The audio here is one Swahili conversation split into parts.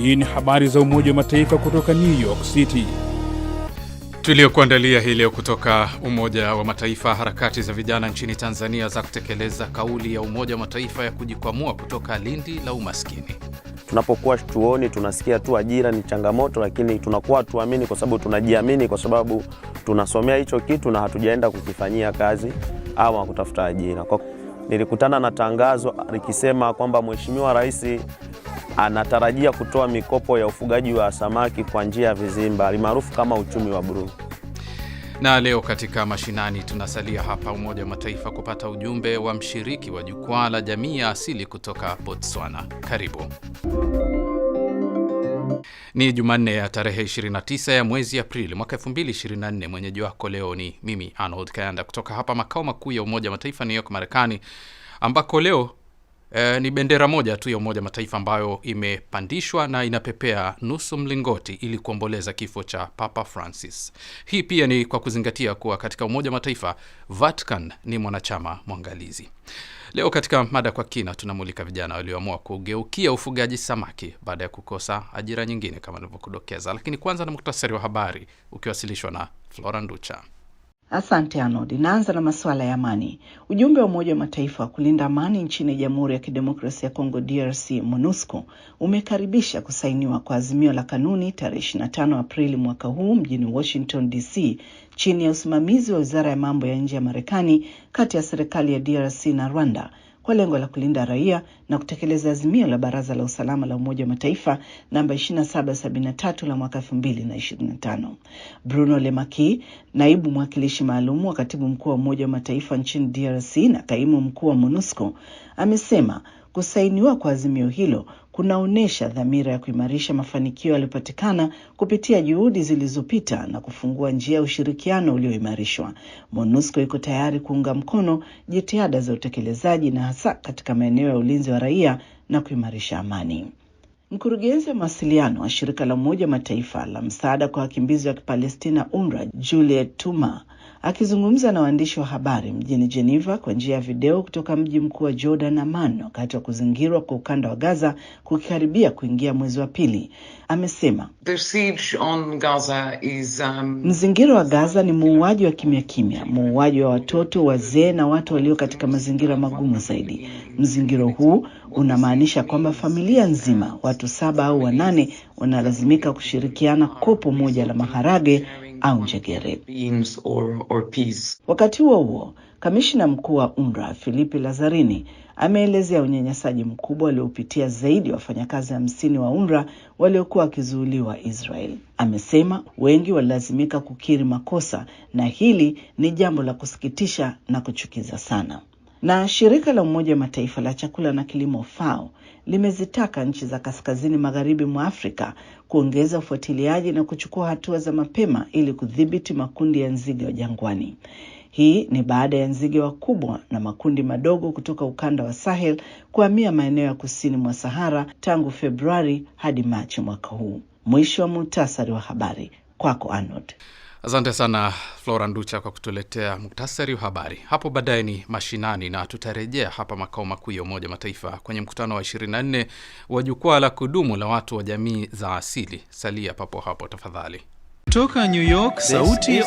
Hii ni habari za Umoja wa Mataifa kutoka New York City tuliyokuandalia hii leo kutoka Umoja wa Mataifa. Harakati za vijana nchini Tanzania za kutekeleza kauli ya Umoja wa Mataifa ya kujikwamua kutoka lindi la umaskini. Tunapokuwa chuoni tunasikia tu ajira ni changamoto, lakini tunakuwa tuamini kwa sababu tunajiamini, kwa sababu tunasomea hicho kitu na hatujaenda kukifanyia kazi ama kutafuta ajira. Nilikutana na tangazo likisema kwamba Mheshimiwa Rais anatarajia kutoa mikopo ya ufugaji wa samaki kwa njia ya vizimba maarufu kama uchumi wa buluu. Na leo katika mashinani tunasalia hapa Umoja wa Mataifa kupata ujumbe wa mshiriki wa jukwaa la jamii ya asili kutoka Botswana. Karibu. Ni Jumanne ya tarehe 29 ya mwezi Aprili mwaka 2024. Mwenyeji wako leo ni mimi Arnold Kayanda kutoka hapa makao makuu ya Umoja wa Mataifa New York, Marekani, ambako leo E, ni bendera moja tu ya Umoja Mataifa ambayo imepandishwa na inapepea nusu mlingoti ili kuomboleza kifo cha Papa Francis. Hii pia ni kwa kuzingatia kuwa katika Umoja Mataifa Vatican ni mwanachama mwangalizi. Leo katika mada kwa kina tunamulika vijana walioamua kugeukia ufugaji samaki baada ya kukosa ajira nyingine kama nilivyokudokeza, lakini kwanza na muktasari wa habari ukiwasilishwa na Flora Nducha. Asante Arnold. Naanza na masuala ya amani. Ujumbe wa Umoja wa Mataifa wa kulinda amani nchini Jamhuri ya Kidemokrasia ya Kongo DRC MONUSCO umekaribisha kusainiwa kwa azimio la kanuni tarehe 25 Aprili mwaka huu mjini Washington DC chini ya usimamizi wa Wizara ya Mambo ya Nje ya Marekani kati ya serikali ya DRC na Rwanda kwa lengo la kulinda raia na kutekeleza azimio la Baraza la Usalama la Umoja wa Mataifa namba 2773 la mwaka 2025. Bruno Lemaki, naibu mwakilishi maalum wa katibu mkuu wa Umoja wa Mataifa nchini DRC na kaimu mkuu wa MONUSCO, amesema Kusainiwa kwa azimio hilo kunaonyesha dhamira ya kuimarisha mafanikio yaliyopatikana kupitia juhudi zilizopita na kufungua njia ya ushirikiano ulioimarishwa. MONUSCO iko tayari kuunga mkono jitihada za utekelezaji na hasa katika maeneo ya ulinzi wa raia na kuimarisha amani. Mkurugenzi wa mawasiliano wa shirika la Umoja wa Mataifa la msaada kwa wakimbizi wa Kipalestina, UNRWA, Juliet Tuma Akizungumza na waandishi wa habari mjini jeneva kwa njia ya video kutoka mji mkuu wa Jordan, aman wakati wa kuzingirwa kwa ukanda wa Gaza kukikaribia kuingia mwezi wa pili, amesema um... mzingiro wa Gaza ni muuaji wa kimya kimya, muuaji wa watoto, wazee na watu walio katika mazingira magumu zaidi. Mzingiro huu unamaanisha kwamba familia nzima, watu saba au wanane, wanalazimika kushirikiana kopo moja la maharage au njegere. Or, or Wakati huo huo, kamishina mkuu wa UNRWA Filipi Lazarini ameelezea unyanyasaji mkubwa waliopitia zaidi ya wafanyakazi hamsini wa UNRWA waliokuwa wakizuuliwa Israel. Amesema wengi walilazimika kukiri makosa na hili ni jambo la kusikitisha na kuchukiza sana. Na shirika la Umoja wa Mataifa la chakula na kilimo FAO limezitaka nchi za kaskazini magharibi mwa Afrika kuongeza ufuatiliaji na kuchukua hatua za mapema ili kudhibiti makundi ya nzige wa jangwani. Hii ni baada ya nzige wakubwa na makundi madogo kutoka ukanda wa Sahel kuhamia maeneo ya kusini mwa Sahara tangu Februari hadi Machi mwaka huu. Mwisho wa muhtasari wa habari, kwako Arnold. Asante sana Flora Nducha kwa kutuletea muktasari wa habari. Hapo baadaye ni mashinani na tutarejea hapa makao makuu ya Umoja Mataifa kwenye mkutano wa 24 wa jukwaa la kudumu la watu wa jamii za asili. Salia papo hapo tafadhali. Toka New York, sauti ya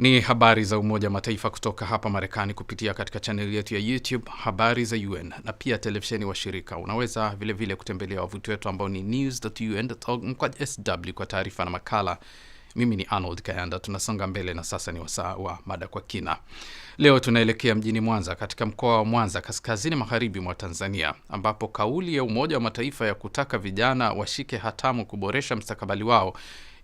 Ni habari za Umoja wa Mataifa kutoka hapa Marekani kupitia katika chaneli yetu ya YouTube habari za UN na pia televisheni washirika. Unaweza vilevile vile kutembelea wavuti wetu ambao ni news.un.org sw kwa taarifa na makala. Mimi ni Arnold Kayanda. Tunasonga mbele na sasa ni wasaa wa mada kwa kina. Leo tunaelekea mjini Mwanza, katika mkoa wa Mwanza, kaskazini magharibi mwa Tanzania, ambapo kauli ya Umoja wa Mataifa ya kutaka vijana washike hatamu kuboresha mstakabali wao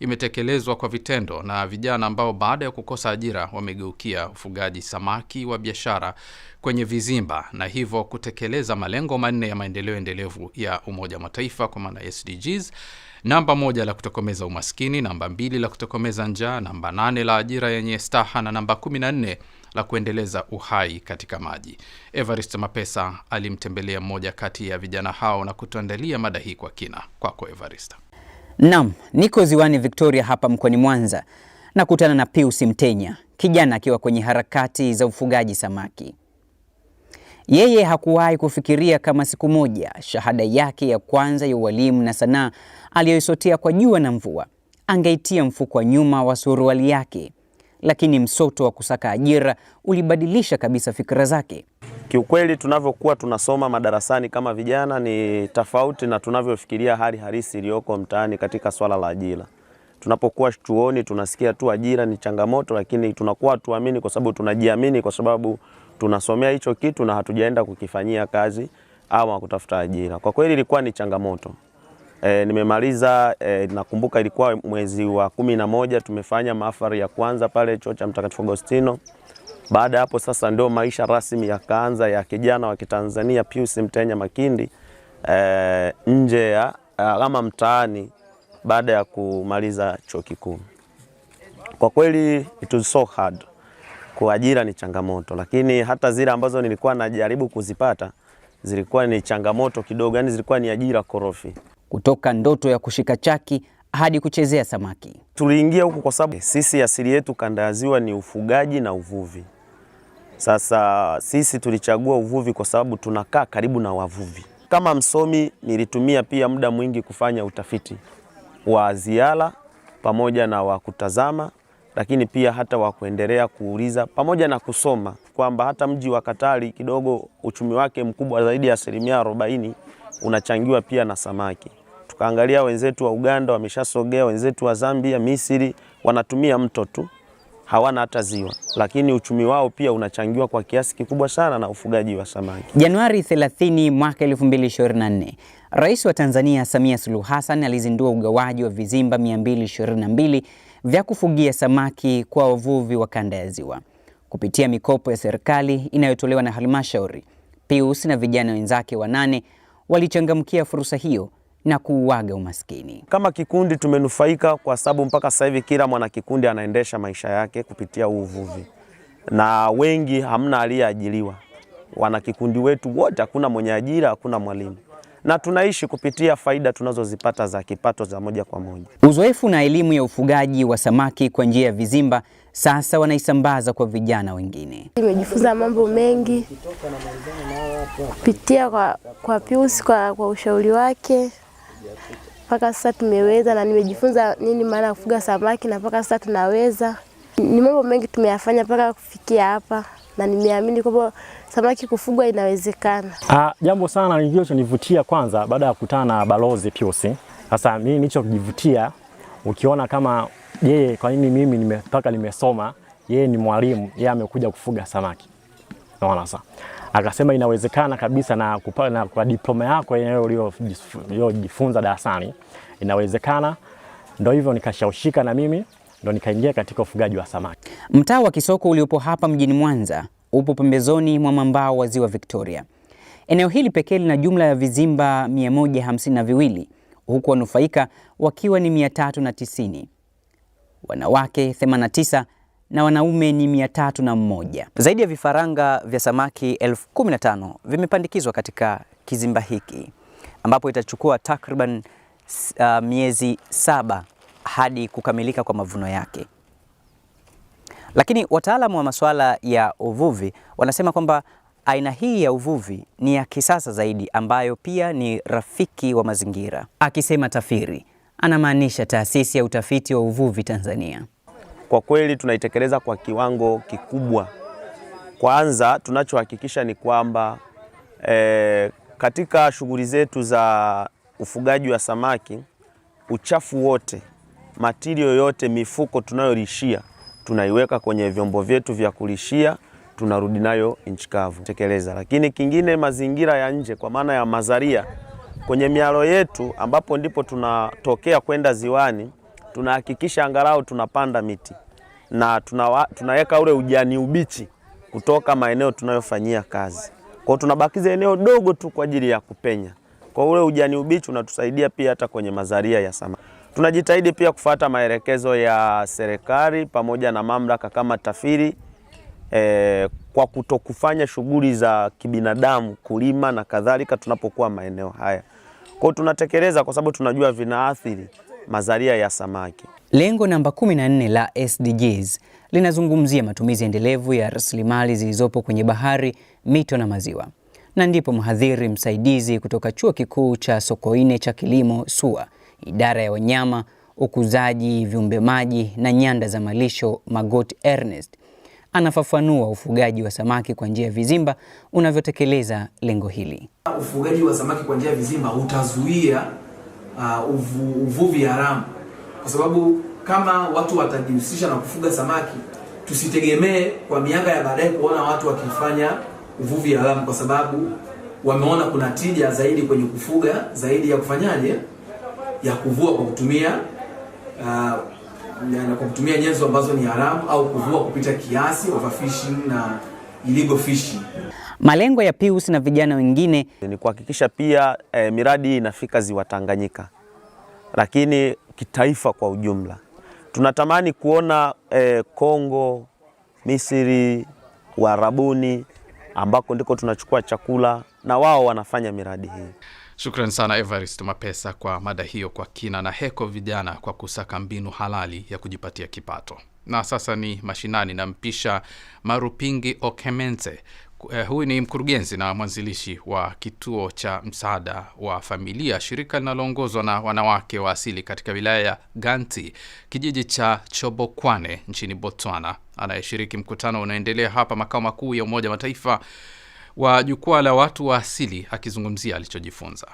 imetekelezwa kwa vitendo na vijana ambao baada ya kukosa ajira wamegeukia ufugaji samaki wa biashara kwenye vizimba na hivyo kutekeleza malengo manne ya maendeleo endelevu ya Umoja wa Mataifa kwa maana ya SDGs: namba moja la kutokomeza umaskini, namba mbili la kutokomeza njaa, namba nane la ajira yenye staha na namba nne la kuendeleza uhai katika maji. Everest Mapesa alimtembelea mmoja kati ya vijana hao na kutuandalia mada hii kwa kina. Kwako Everest. Naam, niko ziwani Victoria hapa mkoani Mwanza. Nakutana na Pius Mtenya, kijana akiwa kwenye harakati za ufugaji samaki. Yeye hakuwahi kufikiria kama siku moja shahada yake ya kwanza ya ualimu na sanaa aliyoisotea kwa jua na mvua angeitia mfuko wa nyuma wa suruali yake, lakini msoto wa kusaka ajira ulibadilisha kabisa fikra zake. Kiukweli tunavyokuwa tunasoma madarasani kama vijana ni tofauti na tunavyofikiria hali halisi iliyoko mtaani katika swala la ajira. Tunapokuwa chuoni tunasikia tu ajira ni changamoto, lakini tunakuwa tuamini kwa sababu tunajiamini, kwa sababu tunasomea hicho kitu na hatujaenda kukifanyia kazi au kutafuta ajira. Kwa kweli ilikuwa ni changamoto. E, nimemaliza e, nakumbuka ilikuwa mwezi wa kumi na moja tumefanya mahafali ya kwanza pale chuo cha Mtakatifu Agostino. Baada ya hapo sasa ndio maisha rasmi yakaanza ya kijana wa Kitanzania Pius Mtenya Makindi e, nje ya kama eh, mtaani baada ya kumaliza chuo kikuu. Kwa kweli it was so hard. Kuajira ni changamoto, lakini hata zile ambazo nilikuwa najaribu kuzipata zilikuwa ni changamoto kidogo, yani zilikuwa ni ajira korofi. Kutoka ndoto ya kushika chaki hadi kuchezea samaki, tuliingia huku kwa sababu sisi asili yetu kanda ya ziwa ni ufugaji na uvuvi. Sasa sisi tulichagua uvuvi kwa sababu tunakaa karibu na wavuvi. Kama msomi, nilitumia pia muda mwingi kufanya utafiti wa ziara pamoja na wa kutazama, lakini pia hata wa kuendelea kuuliza pamoja na kusoma kwamba hata mji wa Katari kidogo uchumi wake mkubwa zaidi ya asilimia arobaini unachangiwa pia na samaki. Tukaangalia wenzetu wa Uganda wameshasogea, wenzetu wa Zambia, Misri wanatumia mto tu hawana hata ziwa, lakini uchumi wao pia unachangiwa kwa kiasi kikubwa sana na ufugaji wa samaki. Januari 30 mwaka 2024, Rais wa Tanzania Samia Suluhu Hassan alizindua ugawaji wa vizimba 222 vya kufugia samaki kwa wavuvi wa kanda ya ziwa kupitia mikopo ya serikali inayotolewa na halmashauri. Pius na vijana wenzake wanane walichangamkia fursa hiyo na kuuaga umaskini. Kama kikundi tumenufaika kwa sababu mpaka sasa hivi kila mwana kikundi anaendesha maisha yake kupitia uvuvi, na wengi hamna aliyeajiriwa. Wanakikundi wetu wote, hakuna mwenye ajira, hakuna mwalimu na tunaishi kupitia faida tunazozipata za kipato za moja kwa moja. Uzoefu na elimu ya ufugaji wa samaki kwa njia ya vizimba sasa wanaisambaza kwa vijana wengine. Nimejifunza mambo mengi kupitia kwa, kwa Pius kwa, kwa ushauri wake mpaka sasa tumeweza, na nimejifunza nini maana ya kufuga samaki, na mpaka sasa tunaweza. Ni mambo mengi tumeyafanya mpaka kufikia hapa, na nimeamini kwamba samaki kufugwa inawezekana. Ah, jambo sana lilichonivutia kwanza, baada ya kukutana na balozi Pius, sasa mimi nilichojivutia ukiona kama yeye, kwa nini mimi mpaka nimesoma, yeye ni mwalimu, yeye amekuja kufuga samaki, naona sasa akasema inawezekana kabisa na, kupa, na kwa diploma yako uliyojifunza darasani inawezekana. Ndo hivyo nikashawishika na mimi ndo nikaingia katika ufugaji wa samaki. Mtaa wa Kisoko uliopo hapa mjini Mwanza upo pembezoni mwa mwambao wa ziwa Victoria. Eneo hili pekee lina jumla ya vizimba 152 huku wanufaika wakiwa ni 390 wanawake 89 na wanaume ni mia tatu na mmoja. Zaidi ya vifaranga vya samaki elfu kumi na tano vimepandikizwa katika kizimba hiki ambapo itachukua takriban uh, miezi saba hadi kukamilika kwa mavuno yake. Lakini wataalamu wa masuala ya uvuvi wanasema kwamba aina hii ya uvuvi ni ya kisasa zaidi ambayo pia ni rafiki wa mazingira. Akisema TAFIRI anamaanisha Taasisi ya Utafiti wa Uvuvi Tanzania kwa kweli tunaitekeleza kwa kiwango kikubwa. Kwanza tunachohakikisha ni kwamba e, katika shughuli zetu za ufugaji wa samaki, uchafu wote, matirio yote, mifuko tunayolishia tunaiweka kwenye vyombo vyetu vya kulishia, tunarudi nayo nchi kavu tekeleza. Lakini kingine, mazingira ya nje, kwa maana ya mazaria kwenye mialo yetu, ambapo ndipo tunatokea kwenda ziwani tunahakikisha angalau tunapanda miti na tunaweka ule ujani ubichi kutoka maeneo tunayofanyia kazi. Kwa hiyo tunabakiza eneo dogo tu kwa ajili ya kupenya. Kwa ule ujani ubichi unatusaidia pia hata kwenye mazalia ya samaki. Tunajitahidi pia kufuata maelekezo ya serikali pamoja na mamlaka kama TAFIRI eh, kwa kutokufanya shughuli za kibinadamu kulima na kadhalika tunapokuwa maeneo haya. Kwa hiyo tunatekeleza kwa sababu tunajua vinaathiri mazalia ya samaki. Lengo namba 14 la SDGs linazungumzia matumizi endelevu ya rasilimali zilizopo kwenye bahari, mito na maziwa, na ndipo mhadhiri msaidizi kutoka Chuo Kikuu cha Sokoine cha Kilimo SUA, idara ya wanyama, ukuzaji viumbe maji na nyanda za malisho, Magot Ernest anafafanua ufugaji wa samaki kwa njia ya vizimba unavyotekeleza lengo hili. Ufugaji wa samaki kwa njia ya vizimba utazuia uh, uvuvi haramu, kwa sababu kama watu watajihusisha na kufuga samaki, tusitegemee kwa miaka ya baadaye kuona watu wakifanya uvuvi haramu, kwa sababu wameona kuna tija zaidi kwenye kufuga zaidi ya kufanyaje, ya kuvua kwa kutumia uh, na kwa kutumia nyenzo ambazo ni haramu au kuvua kupita kiasi, overfishing na illegal fishing. Malengo ya Pius na vijana wengine ni kuhakikisha pia eh, miradi inafika ziwa Tanganyika, lakini kitaifa kwa ujumla tunatamani kuona eh, Kongo, Misri, Uarabuni ambako ndiko tunachukua chakula na wao wanafanya miradi hii. Shukran sana Evarist Mapesa kwa mada hiyo kwa kina, na heko vijana kwa kusaka mbinu halali ya kujipatia kipato. Na sasa ni mashinani, nampisha Marupingi Okemense. Uh, huyu ni mkurugenzi na mwanzilishi wa kituo cha msaada wa familia, shirika linaloongozwa na wanawake wa asili katika wilaya ya Ganti, kijiji cha Chobokwane nchini Botswana, anayeshiriki mkutano unaendelea hapa makao makuu ya Umoja wa Mataifa wa jukwaa la watu wa asili akizungumzia alichojifunza.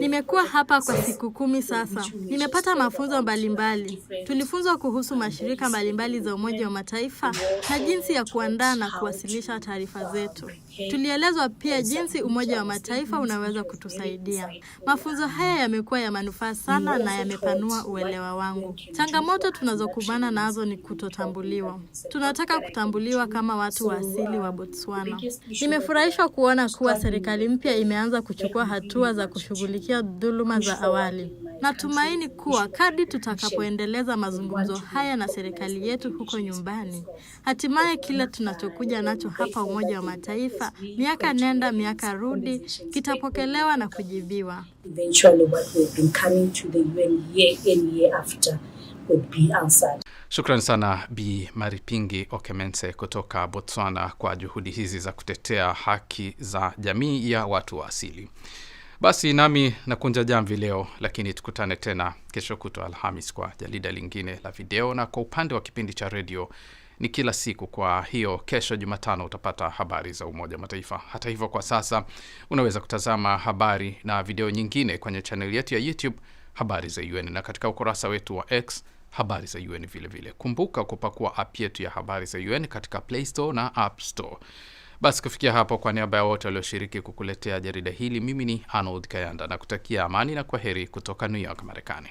Nimekuwa hapa kwa siku kumi sasa. Nimepata mafunzo mbalimbali. Tulifunzwa kuhusu mashirika mbalimbali za Umoja wa Mataifa na jinsi ya kuandaa na kuwasilisha taarifa zetu. Tulielezwa pia jinsi Umoja wa Mataifa unaweza kutusaidia. Mafunzo haya yamekuwa ya manufaa sana na yamepanua uelewa wangu. Changamoto tunazokumbana nazo ni kutotambuliwa. Tunataka kutambuliwa kama watu wa asili um, wa Botswana. Nimefurahishwa kuona kuwa serikali mpya imeanza kuchukua hatua za kushughulikia dhuluma za awali. Natumaini kuwa kadri tutakapoendeleza mazungumzo haya na serikali yetu huko nyumbani, hatimaye kile um, tunachokuja nacho hapa Umoja wa Mataifa sasa miaka nenda miaka rudi kitapokelewa na kujibiwa. Shukran sana Bi Maripingi Okemense kutoka Botswana kwa juhudi hizi za kutetea haki za jamii ya watu wa asili. Basi nami nakunja jamvi leo, lakini tukutane tena kesho kutwa Alhamis kwa jarida lingine la video, na kwa upande wa kipindi cha redio ni kila siku. Kwa hiyo kesho Jumatano utapata habari za Umoja wa Mataifa. Hata hivyo, kwa sasa unaweza kutazama habari na video nyingine kwenye chaneli yetu ya YouTube habari za UN na katika ukurasa wetu wa X habari za UN vilevile vile. Kumbuka kupakua app yetu ya habari za UN katika Play Store na App Store. Basi kufikia hapo, kwa niaba ya wote walioshiriki kukuletea jarida hili, mimi ni Arnold Kayanda na kutakia amani na kwaheri kutoka New York, Marekani.